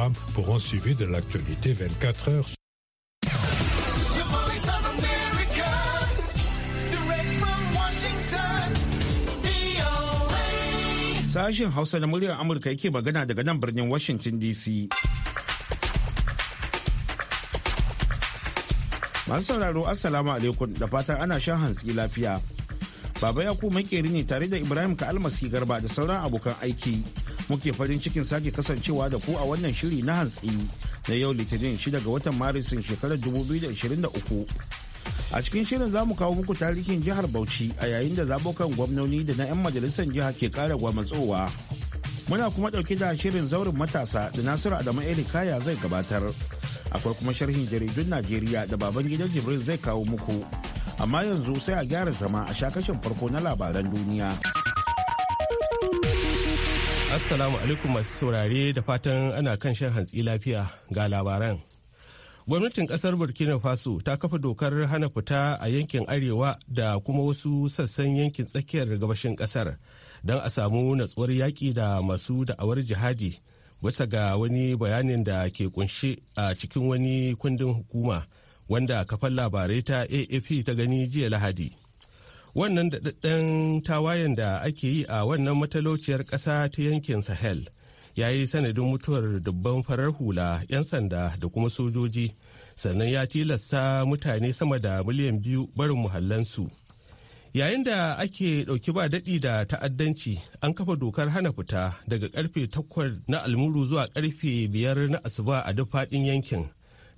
programme pour un suivi de l'actualité 24 heures. Sashen Hausa na muryar Amurka yake magana daga nan birnin Washington DC. Masu sauraro Assalamu alaikum da fatan ana shan hantsi lafiya. Baba Yakubu makeri ne tare da Ibrahim Ka'almasi Garba da sauran abokan aiki. muke farin cikin sake kasancewa da ku a wannan shiri na hantsi na yau litinin 6 ga watan marisin shekarar 2023 a cikin shirin za mu kawo muku tarihin jihar bauchi a yayin da zabukan gwamnoni da na 'yan majalisar jiha ke kara gwamatsowa muna kuma dauke da shirin zaurin matasa da nasiru adamu eli kaya zai gabatar akwai kuma sharhin jaridun najeriya da baban gidan jibril zai kawo muku amma yanzu sai a gyara zama a shakashin farko na labaran duniya. Assalamu alaikum masu saurare da fatan ana kan shan hantsi lafiya ga labaran. Gwamnatin kasar Burkina Faso ta kafa dokar hana fita a yankin Arewa da kuma wasu sassan yankin tsakiyar gabashin kasar don a samu natsuwar yaƙi da masu da'awar jihadi bisa ga wani bayanin da ke kunshi a cikin wani kundin hukuma wanda kafan labarai ta AAP ta gani jiya Lahadi. wannan daɗaɗɗen tawayen da ake yi a wannan matalociyar ƙasa ta yankin sahel ya yi sanadin mutuwar dubban farar hula 'yan sanda da kuma sojoji sannan ya tilasta mutane sama da miliyan biyu barin muhallansu yayin da ake ɗauki ba daɗi da ta'addanci an kafa dokar hana fita daga karfe takwas na almuru zuwa karfe biyar na asuba a duk faɗin yankin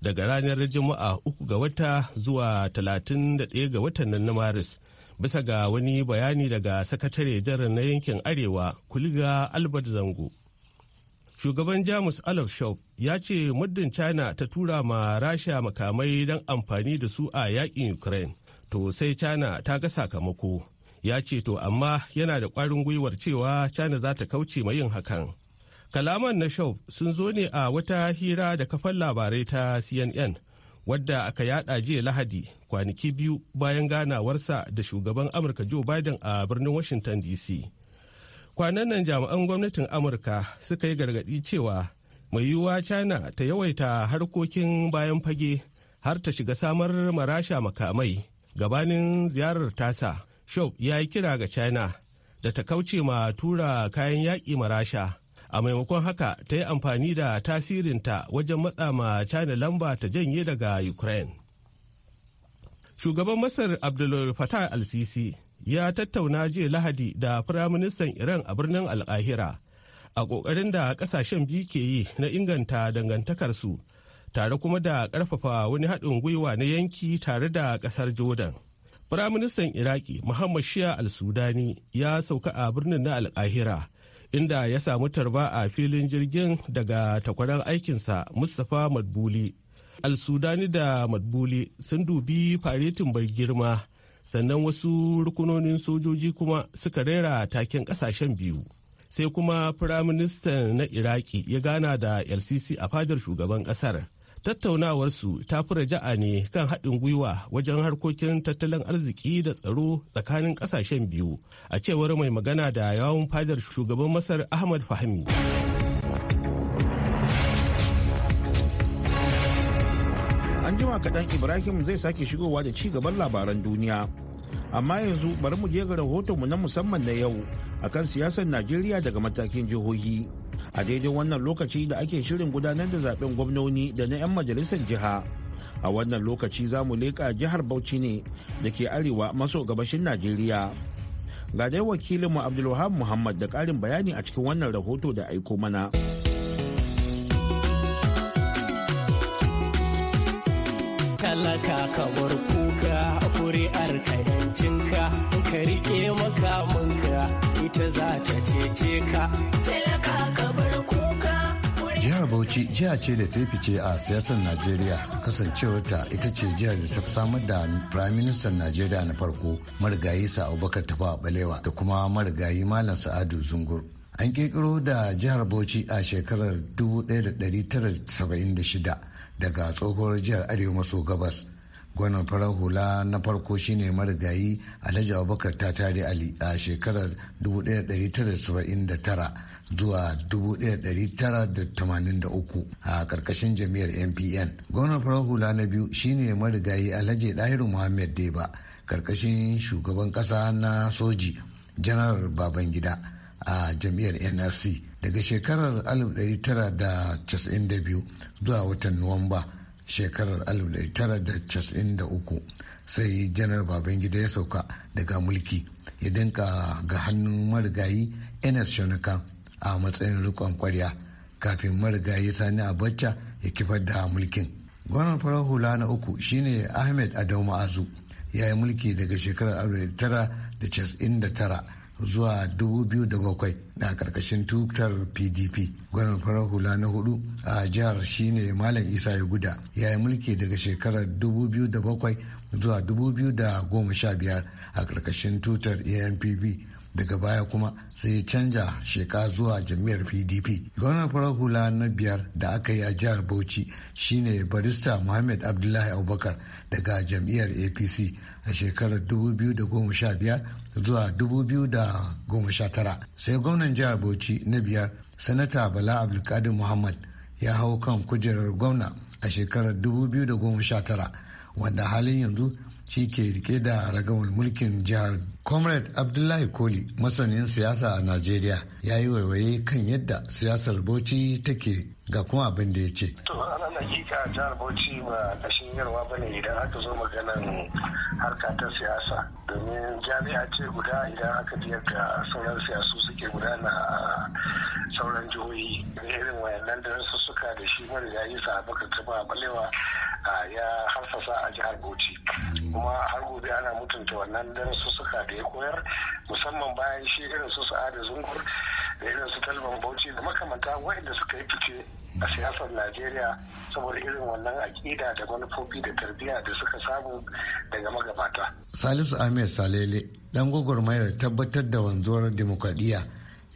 daga ranar juma'a uku ga wata zuwa talatin ga watan nan na maris bisa ga wani bayani daga sakatare jarar na yankin arewa kuliga albert zango shugaban jamus alaf shop ya ce muddin china ta tura ma rasha makamai don amfani da su a yakin ukraine to sai china ta ga sakamako ya ce to amma yana da kwarin gwiwar cewa china za ta kauce ma yin hakan kalaman na shop sun zo ne a wata hira da kafan labarai ta cnn wadda aka yada jiya lahadi kwanaki biyu bayan ganawarsa da shugaban amurka joe biden a birnin washington dc kwanan nan jami'an gwamnatin amurka suka yi gargadi cewa mai yiwuwa china ta yawaita harkokin bayan fage har ta shiga samar marasha makamai gabanin ziyarar tasa shop ya yi kira ga china da ta kauce ma tura kayan yaƙi marasha a maimakon haka ta yi amfani da tasirinta wajen matsa ma china lamba ta janye daga ukraine shugaban masar abdul fatah al-sisi ya tattauna jiya lahadi da firaministan iran a birnin alkahira a ƙoƙarin da ƙasashen biyu ke yi na inganta dangantakarsu tare kuma da ƙarfafa wani haɗin gwiwa na yanki tare da ƙasar jordan firaministan iraki muhammad shia al-sudani ya sauka a birnin na alkahira inda ya samu tarba a filin jirgin daga takwarar aikinsa mustapha madbuli al-sudani da madbuli sun dubi faretin bar girma sannan wasu rukunonin sojoji kuma suka rera taken kasashen biyu sai kuma firaministan na iraki ya gana da lcc a fadar shugaban kasar tattaunawarsu ta fura ja'a ne kan haɗin gwiwa wajen harkokin tattalin arziki da tsaro tsakanin ƙasashen biyu a cewar mai magana da yawon fadar shugaban masar ahmad fahmi an jima kaɗan ibrahim zai sake shigowa da ci gaban labaran duniya amma yanzu bari mu je ga mu na musamman na yau akan siyasar najeriya daga matakin jihohi a daidai wannan lokaci da ake shirin gudanar da zaben gwamnoni da na 'yan majalisar jiha a wannan lokaci za mu leƙa jihar bauchi ne da ke arewa maso gabashin najeriya ga dai wakilinmu abdulwahab muhammad da ƙarin bayani a cikin wannan rahoto da aiko mana talaka ka bar kuka kuri'ar ka yancinka ka riƙe makamanka ita za ta cece ka. Talaka ka bar kuka. Jihar Bauchi jiha ce da ta fice a siyasar Najeriya kasancewarta ita ce jihar da ta samar da Prime Minister Najeriya na farko marigayi sa Abubakar Tafa Balewa da kuma marigayi Malam Sa'adu Zungur. An ƙirƙiro da jihar Bauchi a shekarar 1976 daga tsohuwar jihar Arewa maso gabas. gwanon farar hula na farko shine marigayi alhaji abubakar ta tare ali a shekarar 1979 zuwa 1983 a karkashin jami'ar mpn gwamnan farar hula na biyu shine marigayi alhaji dahiru muhammad deba karkashin shugaban kasa na soji janar babangida a jami'ar nrc daga shekarar 1992 zuwa watan nuwamba shekarar 1993 sai janar babangida ya sauka daga mulki ya dinka ga hannun marigayi ns shanuka a matsayin rikon kwarya kafin marigayi sani abacha ya kifar da mulkin gwanon farar hula na uku shine ahmed adau ma'azu ya yi mulki daga shekarar 1999 zuwa 2007 na karkashin tutar pdp gwanar farar hula na hudu a jihar shine malam isa ya guda ya yi mulki daga shekarar 2007 zuwa 2015 a karkashin tutar anpp daga baya kuma sai canja sheka zuwa jami'ar pdp gwamnan farar hula na biyar da aka yi a jihar bauchi shine barista muhammad abdullahi abubakar daga jam'iyyar apc a shekarar 2015 zuwa 2019 sai gwamnan jihar bauchi na biyar sanata bala abdulkadir muhammad ya hau kan kujerar gwamna a shekarar 2019 wanda halin yanzu shi ke rike da ragamar mulkin jihar comrade abdullahi koli masanin siyasa a najeriya ya yi waiwaye kan yadda siyasar bauchi take ga kuma abin da ya ce hakika jihar bauchi ba kashin yarwa ba ne idan aka zo maganan harka ta siyasa domin jami'a ce guda idan aka biya da sauran siyasu suke gudana a sauran jihohi irin wayannan da su suka da shi marigayi sa baka kaba balewa ya harsasa a jihar bauchi kuma har gobe ana mutunta wannan suka da ya koyar musamman bayan shi irin su sa'ada zungur da irin su talban bauchi da makamanta waɗanda suka yi fice a siyasar najeriya saboda irin wannan aƙida da manufofi da tarbiyya da suka samu daga magabata salisu ahmed salele dan gwagwarmayar tabbatar da wanzuwar demokradiyya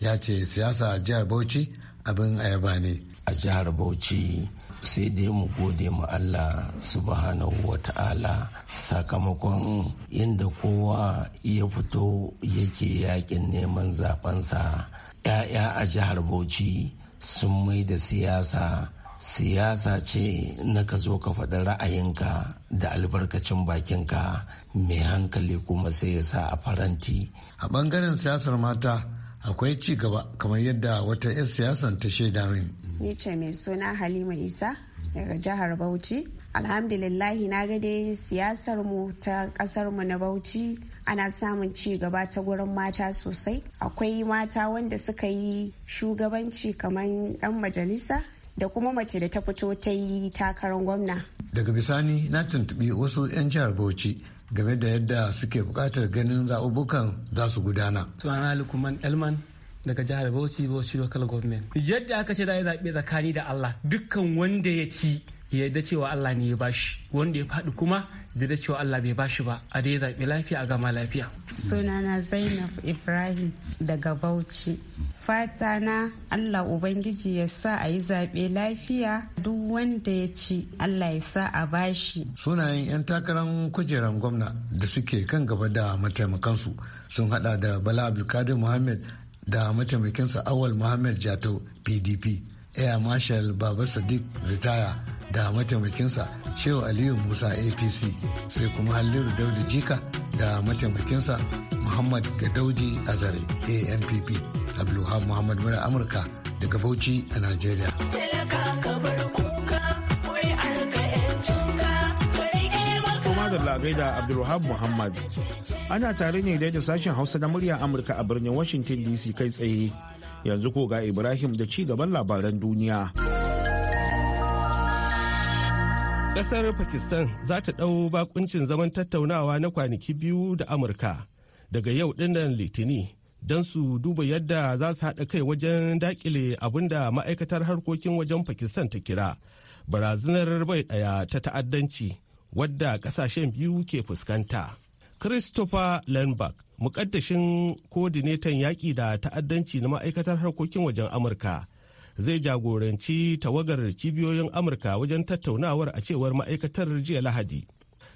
ya ce siyasa a jihar bauchi abin ayaba ne a jihar bauchi sai dai mu gode ma Allah subhanahu wa ta'ala sakamakon inda kowa ya fito yake yakin neman zabensa 'ya'ya a jihar Bauchi sun mai da siyasa siyasa ce na ka zo ka faɗi ra'ayinka da albarkacin bakinka mai hankali kuma sai ya sa a faranti. A bangaren siyasar mata akwai ci gaba kamar yadda wata 'yar siyasar ta shaida min. ni ce mai suna halima isa daga jihar bauchi alhamdulillahi na ga dai siyasar mu ta kasar mu na bauchi ana samun ci gaba ta gurin mata sosai akwai mata wanda suka yi shugabanci kamar yan majalisa da kuma mace da ta fito ta yi takarar gwamna daga bisani na tuntubi wasu 'yan jihar bauchi game da yadda suke bukatar ganin zaɓuɓɓukan za su gudana sunana lukuman elman daga jihar Bauchi Bauchi local government yadda aka ce za a zaɓe tsakani da Allah dukkan wanda ya ci ya yarda cewa Allah ne ya bashi wanda ya faɗi kuma da cewa Allah bai bashi ba a dai zaɓe lafiya a gama lafiya. Sunana Zainab Ibrahim daga Bauchi. Fata na Allah Ubangiji ya sa a yi zaɓe lafiya duk wanda ya ci Allah ya sa a bashi. Sunayen 'yan takarar kujeran gwamna da suke kan gaba da mataimakansu sun hada da Bala Abdulkadir Muhammad da mataimakinsa awal muhammad jato pdp air marshal baba sadiq ritaya da mataimakinsa shehu aliyu musa apc sai kuma halliru daudi jika da mataimakinsa muhammad gadauji azare ampp abdulhab muhammad mura amurka daga bauchi a nigeria lagai da Abdulwahab Muhammad. Ana tare ne da sashen Hausa na murya Amurka a birnin Washington DC kai tsaye. Yanzu ko ga Ibrahim da ci gaban labaran duniya. Kasar Pakistan za ta ɗau bakuncin zaman tattaunawa na kwanaki biyu da Amurka daga yau ɗinnan Litini don su duba yadda za su haɗa kai wajen dakile abinda ma'aikatar harkokin wajen Pakistan ta kira barazanar bai ɗaya ta ta'addanci wadda kasashen biyu ke fuskanta. Christopher Lundberg, mukaddashin kodinetan yaƙi da ta'addanci na ma'aikatar harkokin wajen Amurka, zai jagoranci tawagar cibiyoyin Amurka wajen tattaunawar a cewar ma'aikatar jiya Lahadi.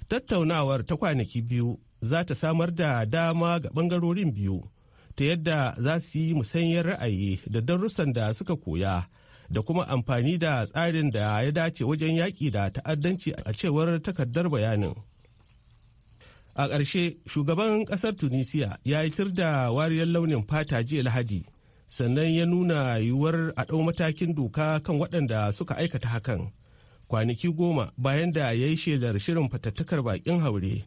Tattaunawar ta kwanaki biyu za ta samar da dama ga ɓangarorin biyu ta yadda za su yi musanyar ra'ayi da darussan da suka koya da kuma amfani da tsarin da ya dace wajen yaƙi da ta'addanci a cewar takardar bayanin. A ƙarshe, shugaban ƙasar Tunisia ya yi da wariyar launin fata jiya Lahadi, sannan ya nuna yiwuwar a ɗau matakin doka kan waɗanda suka aikata hakan. Kwanaki goma bayan da ya yi shelar shirin fatattakar baƙin haure,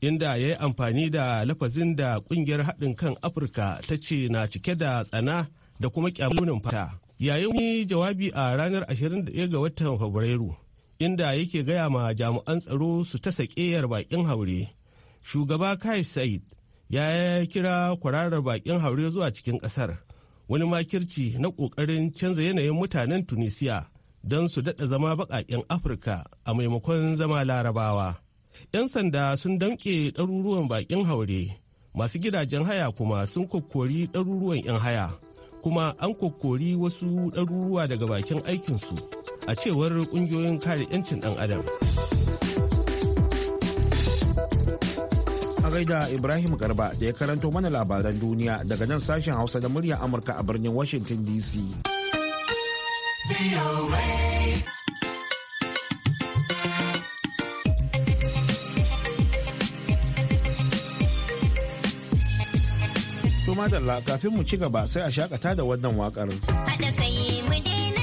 inda ya yi amfani da lafazin da ƙungiyar haɗin kan Afirka ta ce na cike da tsana da kuma ƙyamunin fata. yayin wani jawabi a ranar 21 ga watan fabrairu inda yake gaya ma jami'an tsaro su ta sakeyar bakin haure shugaba kai said ya kira kwararar bakin haure zuwa cikin kasar wani makirci na kokarin canza yanayin mutanen tunisia don su daɗa zama baƙaƙen afirka a maimakon zama larabawa 'yan sanda sun damƙe ɗaruruwan baƙin haure masu gidajen haya kuma sun kokkori ɗaruruwan 'yan haya kuma an kokori wasu ɗaruruwa daga bakin aikinsu a cewar ƙungiyoyin kare 'yancin ɗan adam. A gaida Ibrahim Garba da ya karanto mana labaran duniya daga nan sashen Hausa da murya Amurka a birnin Washington DC. To madalla kafin mu ci gaba sai a shakata da wannan wakar. Haɗa kai mu daina.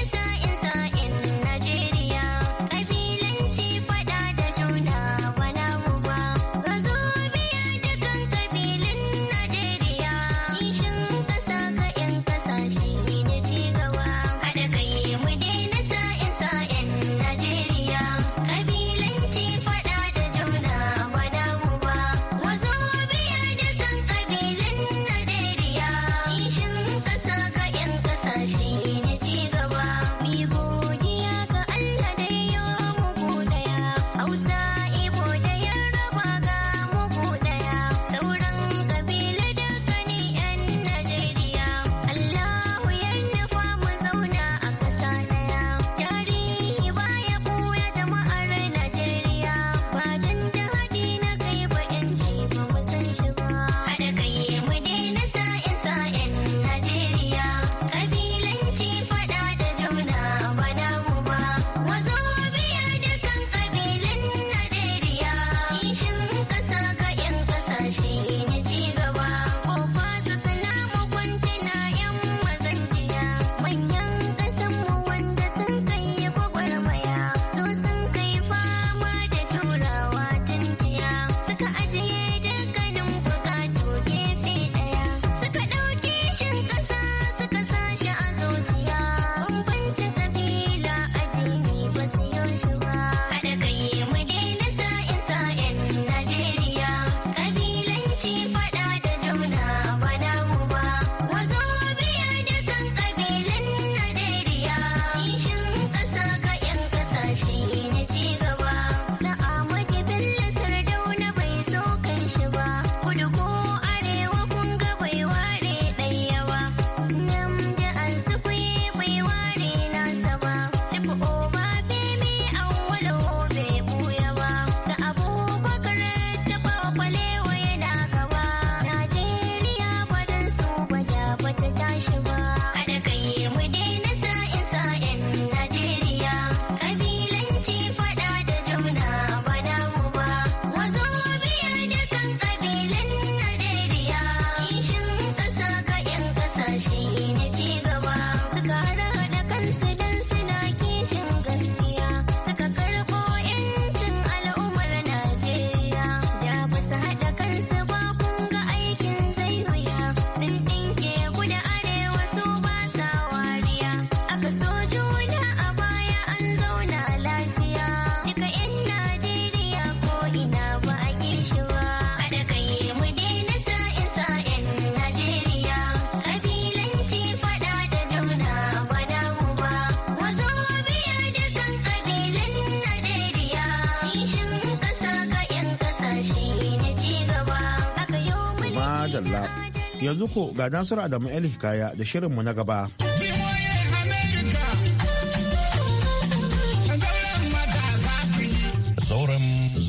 yanzu ko ga nasiru adamu el hikaya da shirinmu na gaba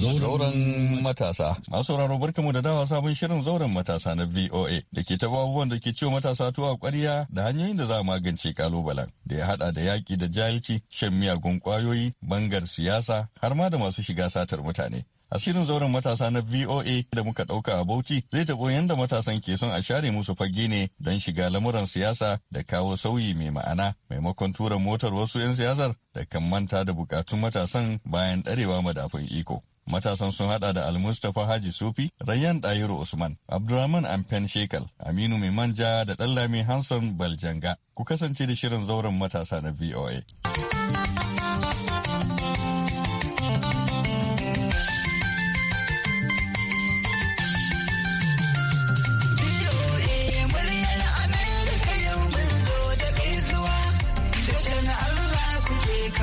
Zauren matasa. Masu sauraro barkamu da dawa sabon shirin zauren matasa na VOA da ke taba abubuwan da ke ciwo matasa tuwa kwarya da hanyoyin da za a magance kalubalen da ya hada da yaƙi da jahilci, shan miyagun ƙwayoyi, bangar siyasa har ma da masu shiga satar mutane. A shirin zauren matasa na VOA da muka ɗauka a Bauchi zai taɓo yadda matasan ke son a share musu fage ne don shiga lamuran siyasa da kawo sauyi mai ma'ana maimakon tura motar wasu 'yan siyasar da kan manta da bukatun matasan bayan ɗarewa madafin iko. Matasan sun hada da Almustapha Haji Sufi, Rayyan Dayiru Usman, abdulrahman Amfen Shekal, Aminu Mai Manja da Dallami Hanson Baljanga. Ku kasance da shirin zauren matasa na VOA.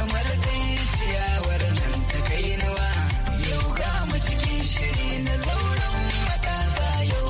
kamar ciyawar nan ta kai nawa yau ga na zauren matasa yau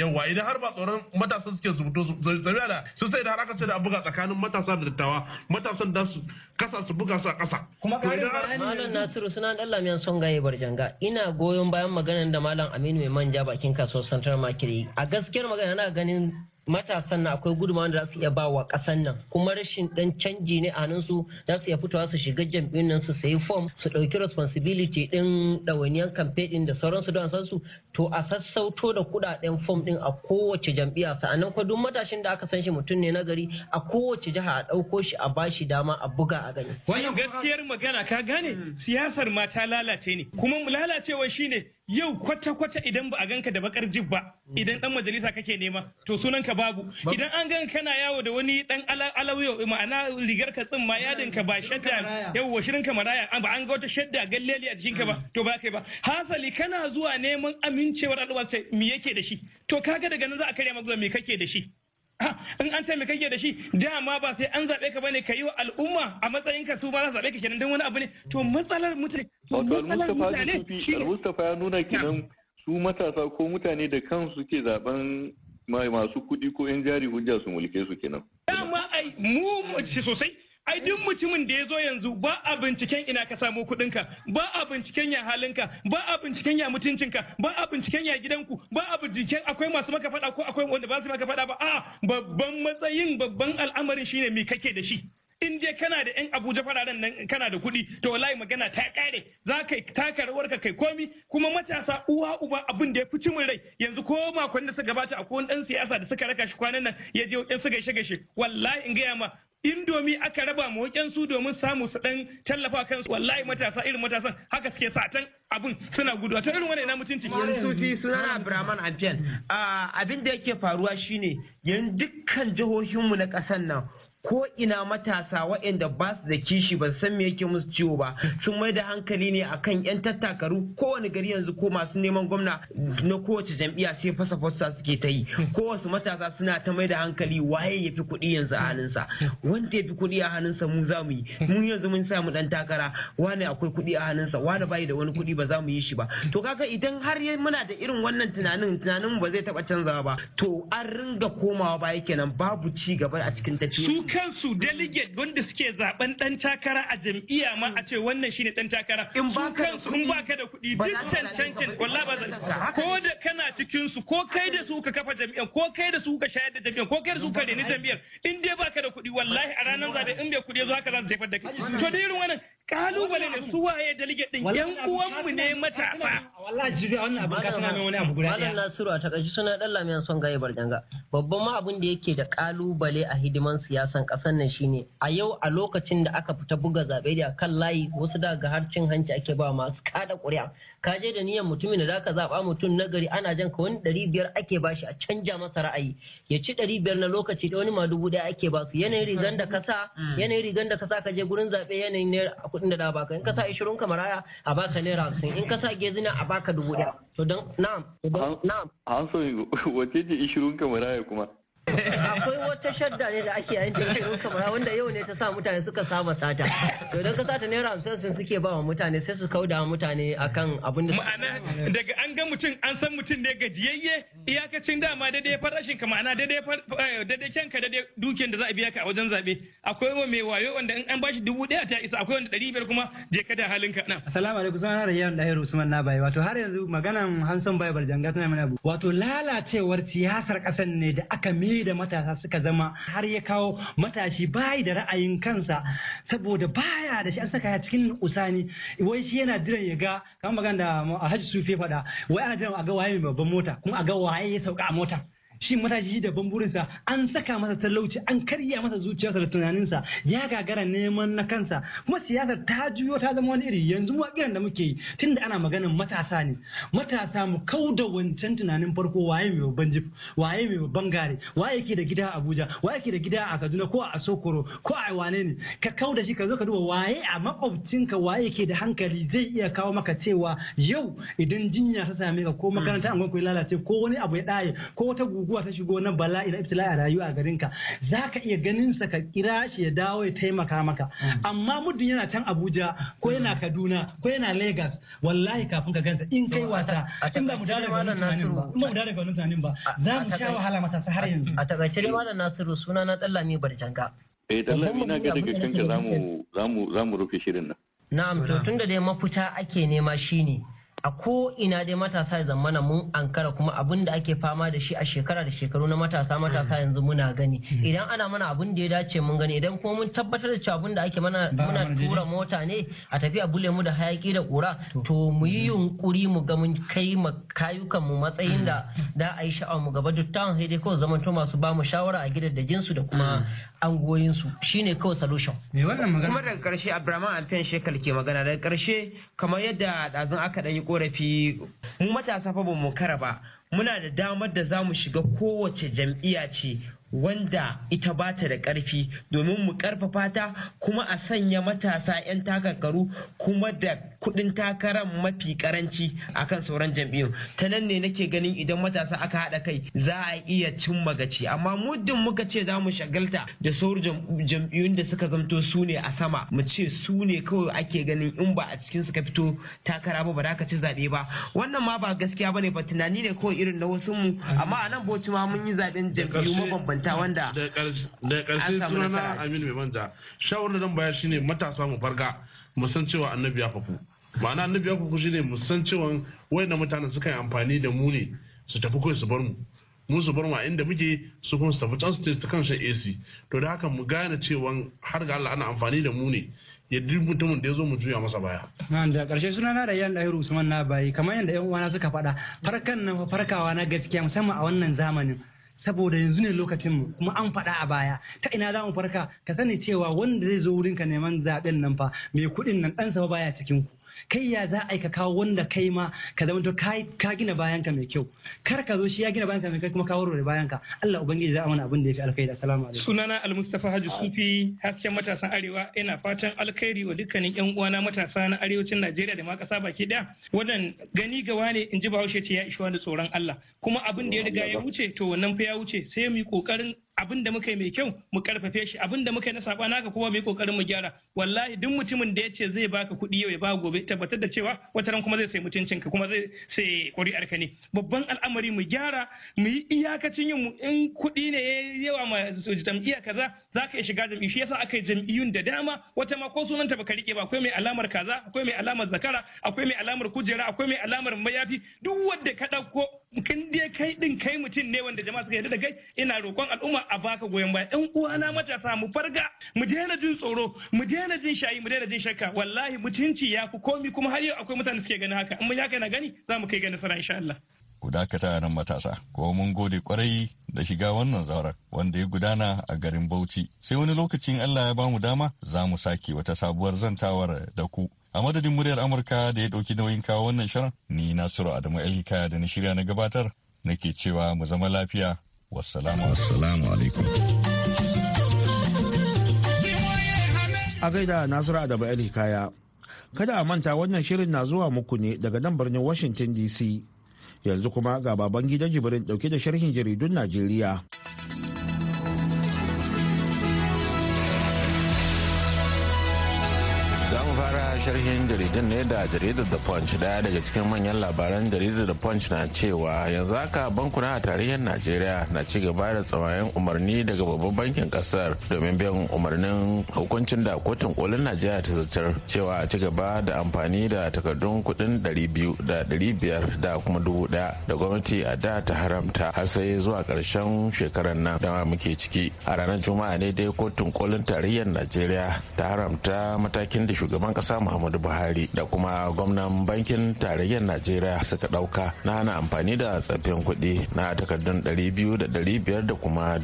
yawa idan har ba tsoron matasa suke zubuto zabiya da su sai da har aka da buga tsakanin matasa da dattawa matasan da su kasa su buga su a kasa kuma karin malam nasiru suna dan lamiyan son gaye barjanga ina goyon bayan maganar da malam aminu mai manja bakin kasuwar central market a gaskiyar magana na ganin matasan na akwai gudunmawar da za su iya bawa kasan nan kuma rashin dan canji ne a nan su za su iya fitowa su shiga jam'in nan su sayi form su ɗauki responsibility ɗin ɗawainiyar campaign ɗin da sauransu don san su to a sassauto da kuɗaɗen form ɗin a kowace jam'iyya sa'annan kuma duk matashin da aka san shi mutum ne na gari a kowace jiha a ɗauko shi a bashi dama a buga a gani. wannan gaskiyar magana ka gane mm. siyasar ma lalace ne kuma lalacewar shine yau kwata-kwata idan ba a ganka da bakar jib ba mm. idan dan majalisa kake nema to sunanka babu idan an gan kana yawo da wani dan alawiyo ma'ana rigar ka tsin ma yadin ka ba shadda yau washirin ka maraya ba an ga wata shadda galleli a jikin ka ba mm. to ba kai ba hasali kana zuwa neman amincewar al'umma sai me yake da shi to kaga daga nan za a karya maka me kake da shi in an ce kake da shi dama ba sai an zaɓe ka bane ka yi wa al'umma a matsayin ka su ba za zaɓe ka kenan don wani abu ne to matsalar mutane to matsalar mutane shi ya nuna kenan su matasa ko mutane da kansu suke zaben masu kuɗi ko 'yan jari hujja su mulke su kenan. Dama ai mu sosai ai duk mutumin da ya zo yanzu ba a binciken ina ka samu kudinka, ba a binciken ya halinka ba a binciken ya mutuncinka ba a binciken ya gidanku ba a binciken akwai masu maka faɗa ko akwai wanda ba su maka faɗa ba a babban matsayin babban al'amarin shine me kake da shi in je kana da yan abuja fararen nan kana da kuɗi to wallahi magana ta kare za ka taka rawar ka kai komi kuma matasa uwa uba abin da ya fi cimin rai yanzu ko makon da suka gabata akwai wani dan siyasa da suka raka shi kwanan nan ya je yan su gaishe gaishe wallahi in gaya ma indomi aka raba mu su domin samu su dan tallafa kansu wallahi matasa irin matasan haka suke satan abin suna guduwa ta irin wannan mutunci wani sufi suna Abraman Abdel ah, abin da yake faruwa shine yan dukkan mu na kasan nan ko ina matasa waɗanda ba su da kishi ba san me yake musu ciwo ba sun mai da hankali ne akan yan tattakaru kowane gari yanzu ko masu neman gwamna na kowace jam'iya sai fasa fasa suke ta yi Ko wasu matasa suna ta mai da hankali waye ya fi kuɗi yanzu a hannunsa wanda ya fi kuɗi a hannunsa mu za mu yi Mu yanzu mun sa mu dan takara wani akwai kuɗi a hannunsa wani bai da wani kuɗi ba za mu yi shi ba to kaga idan har muna da irin wannan tunanin tunanin ba zai taɓa canzawa ba to an ringa komawa baya kenan babu ci gaba a cikin tafiyar kansu delegate wanda suke zaben dan takara a jam'iyya ma a ce wannan shine dan takara in ba kansu in baka da kuɗi duk cancancin wallahi ba zan ko da kana cikin su ko kai da su ka kafa jam'iyyar ko kai da su ka shayar da jam'iyyar ko kai da su ka reni jam'iyyar in dai ba ka da kuɗi wallahi a ranar zabe in bai kuɗi zo haka za su jefar da kai to da irin wannan kalubale da su waye delegate din yan uwanmu ne matafa wallahi jibi wannan abin ka tana min wani abu guda daya malam nasiru a takaice suna dan lamiyan son gaye barjanga babban ma abin da yake da kalubale a hidiman siyasan kasar nan shine a yau a lokacin da aka fita buga zabe da kan layi wasu daga har cin hanci ake ba masu kada ƙuri'a ka je da niyan mutumin da zaka zaba mutum na gari ana jan ka wani ɗari biyar ake bashi a canja masa ra'ayi ya ci ɗari biyar na lokaci da wani ma dubu ɗaya ake ba su yanayin rigan da ka sa mm. yanayin rigan da ka ka je gurin zaɓe yanayin naira kuɗin da da baka in ka sa ishirin ka maraya a baka naira hamsin in ka sa gezina a baka dubu ɗaya to don na'am na'am an so wace ce ishirin ka maraya kuma akwai wata shadda ne da ake yayin da kamar wanda yau ne ta sa mutane suka saba sata to idan ka sata naira hamsin sun suke ba wa mutane sai su kauda mutane akan abin da ma'ana daga an ga mutum an san mutum ne gajiyayye iyakacin dama daidai farashin ka ma'ana daidai kyanka eh, daidai dukiyar da za a biya ka a wajen zabe akwai wa mai wayo wanda in an bashi dubu daya ta isa akwai wanda ɗari biyar kuma je ka da halinka nan assalamu alaikum sunan rayyan dahir usman na bai wato har yanzu maganan hanson bible janga tana mana wato lalacewar siyasar kasan ne da aka mi rauni da matasa suka zama har ya kawo matashi bayi da ra'ayin kansa saboda baya da shi an saka ya cikin usani wai shi yana jiran ya ga kamar magana da Alhaji Sufi faɗa wai ana jiran a ga waye mai babban mota kuma a ga waye ya sauka a mota shi matashi da bamburinsa an saka masa talauci an karya masa zuciyarsa da tunaninsa ya gagara neman na kansa kuma siyasar ta juyo ta zama wani iri yanzu wakilan da muke yi tunda ana maganin matasa ne matasa mu kau da wancan tunanin farko waye mai babban jif waye mai babban gare waye ke da gida a Abuja waye ke da gida a Kaduna ko a Sokoro ko a wane ne ka kau da shi ka zo ka duba waye a makwabcinka waye ke da hankali zai iya kawo maka cewa yau idan jinya ta same ka ko makaranta an ya lalace ko wani abu ya daye ko wata gugu guguwa ta shigo na bala'i na ibtila'i a rayuwa a garin ka ka iya ganin sa ka kira shi ya dawo ya taimaka maka hmm. amma muddin yana can Abuja ko yana hmm. Kaduna ko yana Lagos wallahi kafin ka gansa in kai wasa in ba mu dare ga wannan tunanin ba za mu sha wahala matasa har yanzu a takaice dai wannan Nasiru suna na Dallami Barjanga eh Dallami na ga daga kanka zamu zamu rufe shirin nan na'am to tunda dai mafuta ake nema shine a ko ina dai matasa ya zamana mun ankara kuma abin da ake fama da shi a shekara da shekaru na matasa matasa yanzu muna gani idan ana mana abin da ya dace mun gani idan kuma mun tabbatar da cewa abin da ake mana muna tura mota ne a tafi a bule mu da hayaki da kura to mu yi yunkuri mu ga mun kai kayukan mu matsayin da da a yi sha'awar mu gaba duk sai dai kawai zamanto masu ba mu shawara a gidajen su da kuma angoyinsu shine kawai solution wannan kuma daga karshe abdurrahman Alfen shekal ke magana daga karshe kamar yadda ɗazun aka ɗan yi korafi mu matasa fa ba mu kara ba muna da damar da za mu shiga kowace jam'iyya ce wanda ita ba ta da ƙarfi domin mu ƙarfafa ta kuma a sanya matasa 'yan takarkaru kuma da kuɗin takarar mafi ƙaranci akan sauran jam'iyyun ta nan ne nake ganin idan matasa aka haɗa kai za a iya cin magaci amma muddin muka ce za mu shagalta da sauran jam'iyyun da suka zamto su ne a sama mu ce su ne kawai ake ganin in ba a cikin suka fito takara ba ba za ka ci zaɓe ba wannan ma ba gaskiya ba ne ba tunani ne kawai irin na wasu mu amma a nan boci ma mun yi zaɓen jam'iyyu mabambanta manta mm. wanda da karshe sunana aminu mai manja shawarar zan baya shine matasa mu farga mu san cewa annabi ya fafu ma'ana annabi ya fafu shine mu san cewa wayannan mutanen suka yi amfani da mu ne su tafi kai su bar mu mu su bar mu a inda muke su kuma su tafi can su ta kan shan AC to da haka mu gane cewa har ga Allah ana amfani da mu ne yadda duk mutumin da ya zo mu juya masa baya. da karshe suna na da yan ɗairu Usman na bayi kamar yadda yan uwana suka faɗa farkan nan farkawa na gaskiya musamman a wannan zamanin saboda yanzu ne lokacinmu, kuma an faɗa a baya ta ina za mu farka ka sani cewa wanda zai zo wurinka neman zaɓen nan fa mai kuɗin nan ɗansa baya cikin ku kai ya za a ka kawo wanda kai ma ka zama ka gina bayan ka mai kyau kar ka zo shi ya gina bayan ka mai kyau kuma ka warware ka. Allah ubangiji za a mana abin da ya fi alkhairi assalamu alaikum sunana almustafa haji sufi hasken matasan arewa ina fatan alkhairi wa dukkanin yan uwana matasa na arewacin Najeriya da ma kasa baki daya wannan gani gawa ne in ji Bahaushe ce ya ishi da tsoron Allah kuma abin da ya riga ya wuce to wannan fa ya wuce sai mu yi kokarin abin da muka yi mai kyau mu karfafe shi abin da muka yi na saba naka kuma mu yi kokarin mu gyara wallahi duk mutumin da ya ce zai baka kuɗi yau ya ba gobe tabbatar da cewa wata ran kuma zai sai mutuncin ka kuma zai sai ƙuri'ar ka ne babban al'amari mu gyara mu yi iyakacin yin in kuɗi ne yawa ma jam'iyya kaza za ka iya shiga jam'i shi yasa aka yi jam'iyyun da dama wata ma ko sunan ta baka rike ba akwai mai alamar kaza akwai mai alamar zakara akwai mai alamar kujera akwai mai alamar mayafi duk wanda ka ɗauko kin dai kai din kai mutum ne wanda jama'a suka yarda da kai ina roƙon al'umma a baka goyon baya ɗan uwana matasa mu farga mu daina jin tsoro mu daina jin shayi mu daina jin shakka wallahi mutunci ya fi komi kuma har yau akwai mutane suke gani haka Amma ya kai na gani za mu kai ga nasara insha Allah ku dakata nan matasa kuma mun gode kwarai da shiga wannan zaurar wanda ya gudana a garin Bauchi sai wani lokacin Allah ya bamu dama za mu sake wata sabuwar zantawar da ku a madadin muryar Amurka da ya ɗauki nauyin kawo wannan shirin ni Nasiru Adamu Elika da na shirya na gabatar nake cewa mu zama lafiya wassalamu assalamu alaikum a gaida Nasiru Adamu Elika ya kada a manta wannan shirin na zuwa muku ne daga nan birnin Washington DC yanzu kuma ga baban gidan jibirin dauke da sharhin jaridun najeriya sharhin jaridun ne da jaridar da punch daya daga cikin manyan labaran jaridar da punch na cewa yanzu haka bankuna a tarihin najeriya na ci gaba da tsawayen umarni daga babban bankin kasar domin biyan umarnin hukuncin da kotun kolin najeriya ta zartar cewa a ci gaba da amfani da takardun kuɗin ɗari da biyar da kuma dubu da gwamnati a da ta haramta har sai zuwa karshen shekarar nan da muke ciki a ranar juma'a ne dai kotun kolin tarayyar najeriya ta haramta matakin da shugaban ƙasa muhammadu buhari da kuma gwamnan bankin tarayyar najeriya suka ɗauka na hana amfani da tsaffin kuɗi na takardun 200 da 500 da kuma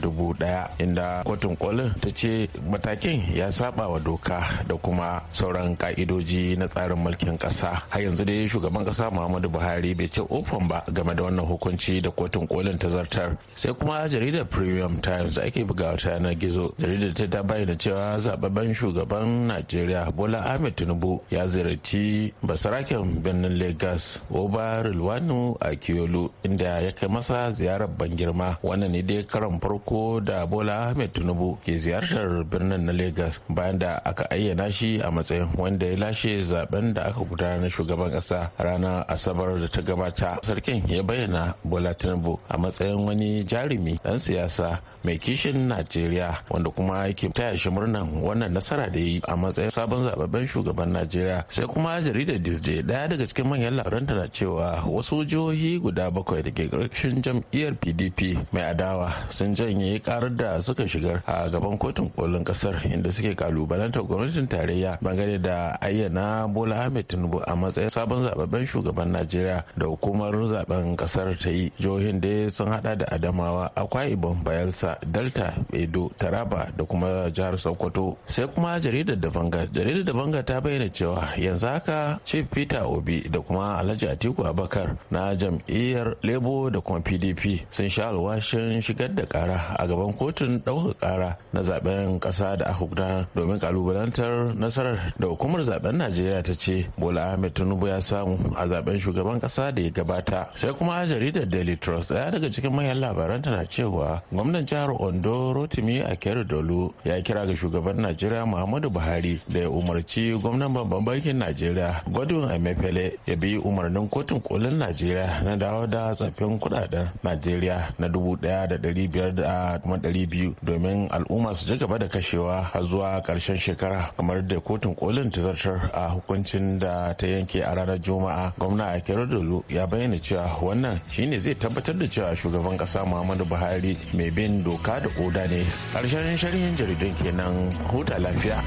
inda kotun kolin ta ce matakin ya saba wa doka da kuma sauran ka'idoji na tsarin mulkin ƙasa har yanzu dai shugaban ƙasa muhammadu buhari bai ce ofan ba game da wannan hukunci da kotun kolin ta zartar sai kuma jaridar premium times ake bugawa ta na gizo jaridar ta bayyana cewa zababben shugaban najeriya bola ahmed tinubu ya ziyarci basaraken birnin Lagos Oba Rilwanu Akiyolu inda ya kai masa ziyarar ban girma wannan ne dai karan farko da Bola Ahmed Tinubu ke ziyartar birnin na Lagos bayan da aka ayyana shi a matsayin wanda ya lashe zaben da aka gudanar na shugaban kasa ranar Asabar da ta gabata. Sarkin ya bayyana Bola Tinubu a matsayin wani jarumi dan siyasa mai kishin Najeriya wanda kuma yake taya shi murnan wannan nasara da ya yi a matsayin sabon zababben shugaban najeriya sai kuma jaridar disney daya daga cikin manyan labaran tana cewa wasu jihohi guda bakwai da ke ƙarshen jam'iyyar pdp mai adawa sun janye karar da suka shigar a gaban kotun kolin kasar inda suke kalubalantar gwamnatin tarayya bangare da ayyana bola ahmed tinubu a matsayin sabon zababben shugaban najeriya da hukumar zaben kasar ta yi jihohin da sun hada da adamawa akwai Ibom bayelsa delta edo taraba da kuma jihar sokoto sai kuma jaridar da banga jaridar da banga ta bayyana cewa yanzu haka chief peter obi da kuma alhaji atiku abakar na jam'iyyar Lebo da kuma pdp sun sha alwashin shigar da kara a gaban kotun ɗaukar kara na zaben ƙasa da aka gudanar domin kalubalantar nasarar da hukumar zaben najeriya ta ce bola ahmed tinubu ya samu a zaben shugaban ƙasa da ya gabata sai kuma jaridar daily trust ɗaya daga cikin manyan labaran tana cewa gwamnan jihar ondo rotimi Dolo ya kira ga shugaban najeriya muhammadu buhari da ya umarci gwamnan babban bankin najeriya godwin emefiele ya bi umarnin kotun kolin najeriya na dawo da tsafin kudaden najeriya na dubu daya da dari biyar da kuma dari biyu domin al'umma su ji gaba da kashewa har zuwa karshen shekara kamar da kotun kolin ta zartar a hukuncin da ta yanke a ranar juma'a gwamna akira dolo ya bayyana cewa wannan shine zai tabbatar da cewa shugaban kasa muhammadu buhari mai bin doka da oda ne karshen sharhin jaridun kenan huta lafiya.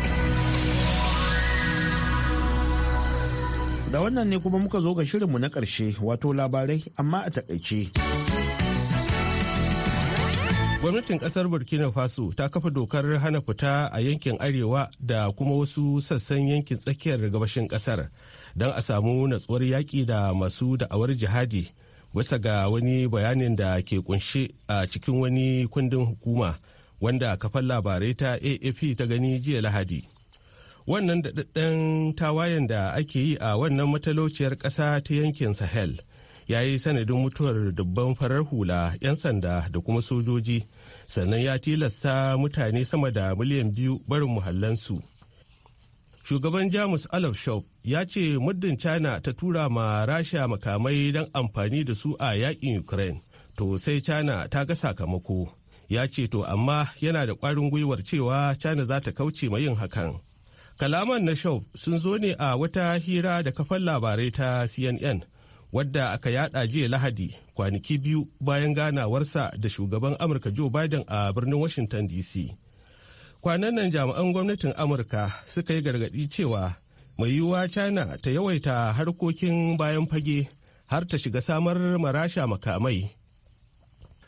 Da wannan ne kuma muka zo ga shirinmu na ƙarshe wato labarai amma a takaice. Gwamnatin ƙasar Burkina Faso ta kafa dokar hana fita a yankin Arewa da kuma wasu sassan yankin tsakiyar gabashin ƙasar don a samu natsuwar yaƙi da masu da'awar jihadi bisa ga wani bayanin da ke kunshe a cikin wani kundin hukuma wanda kafan labarai ta AAP ta gani jiya Lahadi. wannan daɗaɗɗen tawayen da ake yi a wannan matalauciyar ƙasa ta yankin sahel ya yi sanadin mutuwar dubban farar hula 'yan sanda da kuma sojoji sannan ya tilasta mutane sama da miliyan biyu barin muhallansu shugaban jamus alaf shop ya ce muddin china ta tura ma rasha makamai don amfani da su a yakin ukraine to sai china ta ga sakamako ya ce to amma yana da kwarin gwiwar cewa china za ta kauce ma yin hakan Kalaman na shau sun zo ne a wata hira da kafar labarai ta CNN wadda aka yada jiya Lahadi kwanaki biyu bayan ganawarsa da shugaban Amurka Joe Biden a birnin Washington DC. Kwanan nan jami'an gwamnatin Amurka suka yi gargadi cewa mai yiwuwa China ta yawaita harkokin bayan fage har ta shiga samar marasha makamai.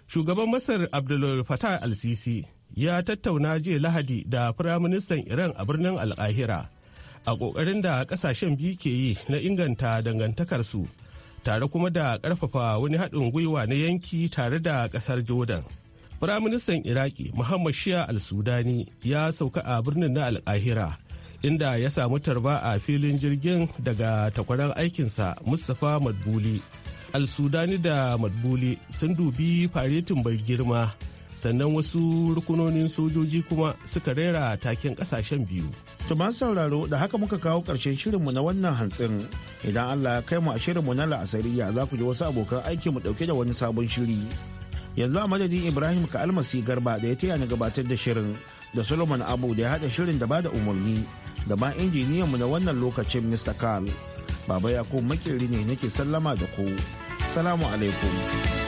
Shugaban Masar Abdul fatah al-Sisi ya tattauna jiya lahadi da firaministan iran a birnin alkahira a ƙoƙarin da ƙasashen biyu ke yi na inganta dangantakarsu tare kuma da ƙarfafa wani haɗin gwiwa na yanki tare da ƙasar jordan firaministan iraki muhammad shia al-sudani ya sauka a birnin na alkahira inda ya samu tarba a filin jirgin daga takwarar aikinsa mustapha madbuli al-sudani da madbuli sun dubi faretin bai girma sannan wasu rukunonin sojoji kuma suka rera takin kasashen biyu. To sauraro da haka muka kawo ƙarshen shirinmu na wannan hantsin idan Allah ya kai mu a shirinmu na la'asariya za ku ji wasu abokan aiki mu ɗauke da wani sabon shiri. Yanzu a madadin Ibrahim ka almasi garba da ya taya ni gabatar da shirin da Solomon Abu da ya haɗa shirin da ba da umarni da ma injiniyanmu na wannan lokacin Mr. Carl. Baba Yakubu makeri ne nake sallama da ku. Salamu alaikum.